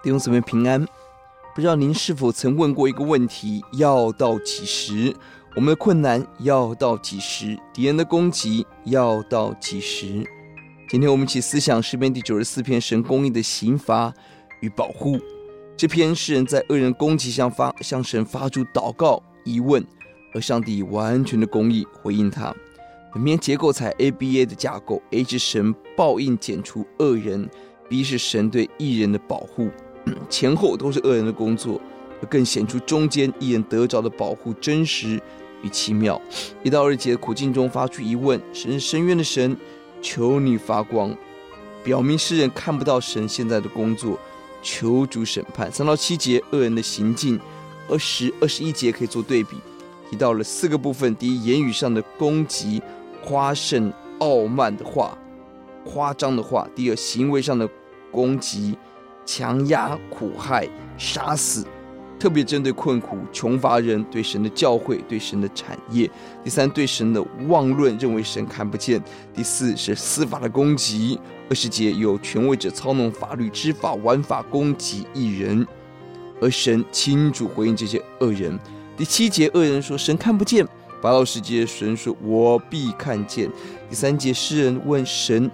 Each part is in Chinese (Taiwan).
弟兄姊妹平安，不知道您是否曾問過一個問題：要到幾時？我們的困難要到幾時？敵人的攻擊要到幾時？今天我們一起思想詩篇第九十四篇神公義的刑罰與保護。這篇詩人，在惡人攻擊下發向神發出禱告疑問，而上帝以完全的公義回應他。本篇結構採 A B A 的架構：A 是神報應剪除惡人，B 是神對義人的保護。前後都是惡人的工作，更顯出中間義人得着的保護真實與奇妙。一到二節苦境中發出疑問，神是伸冤的神，求你發光，表明世人看不到神現在的工作。求主審判。三到七節惡人的行徑，二十二十一節可以做對比，提到了四個部分：第一，言語上的攻擊、誇勝、傲慢的話、誇張的話；第二，行為上的攻擊。強壓、苦害、殺死，特別針對困苦、窮乏人；對神的教誨、對神的產業。第三，對神的妄論，認為神看不見。第四，是司法的攻擊。二十節有權位者操弄法律、知法、玩法、攻擊義人。而神清楚回應這些惡人。第七節，惡人說神看不見。八到十節，神說：“我必看見。”第三節，詩人問神：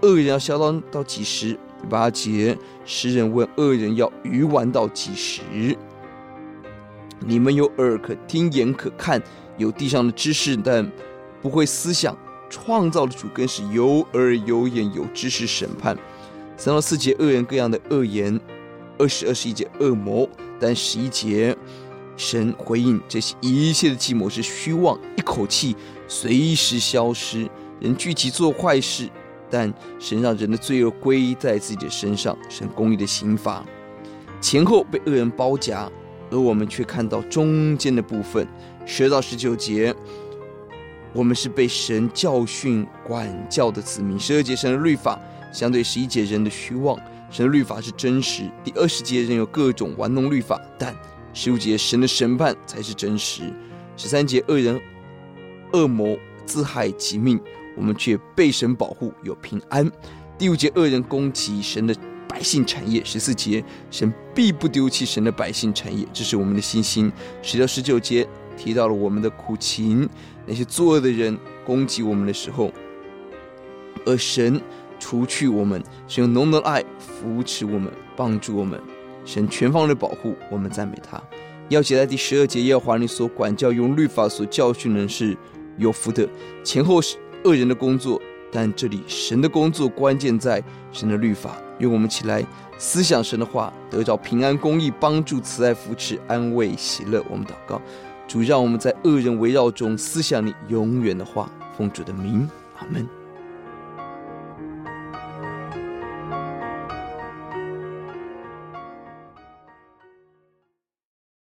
惡人要囂張到幾時？第八節，詩人問惡人要愚頑到幾時？你們有耳可聽，眼可看，有地上的知識，但不會思想、創造的主更是有耳有眼有知識審判。三到四節，惡人各樣的惡言。二十、二十一節，惡謀。但十一節，神回應：這些一切的計謀是虛妄，一口氣隨時消失。人聚集做壞事。但神讓人的罪惡歸在自己的身上，神公義的刑罰，前後被惡人包夾，而我們卻看到中間的部分。十到十九節，我們是被神教訓管教的子民。十二節神的律法，相對十一節人的虛妄，神的律法是真實。第二十節人有各種玩弄律法，但十五節神的審判才是真實。十三節惡人惡謀自害己命，我們卻被神保護，有平安。第五節惡人攻擊神的百姓產業，十四節神必不丟棄神的百姓產業，這是我們的信心。十到十九節提到了我們的苦情，那些作惡的人攻擊我們的時候，而神除去我們，是用濃濃的愛扶持我們，幫助我們，神全方位保護我們，讚美他。鑰節在第十二節，耶和華你所管教用律法所教訓的人是有福的，前後是。惡人的工作，但這裡神的工作關鍵在神的律法，用我們起來思想神的話，得着平安、公義，幫助、慈愛、扶持、安慰、喜樂。我們禱告，主讓我們在惡人圍繞中思想你永遠的話，奉主的名，阿門。